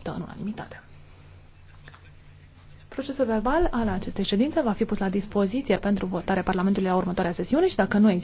adoptă în unanimitate. Procesul verbal al acestei ședințe va fi pus la dispoziție pentru votare Parlamentului la următoarea sesiune și dacă nu există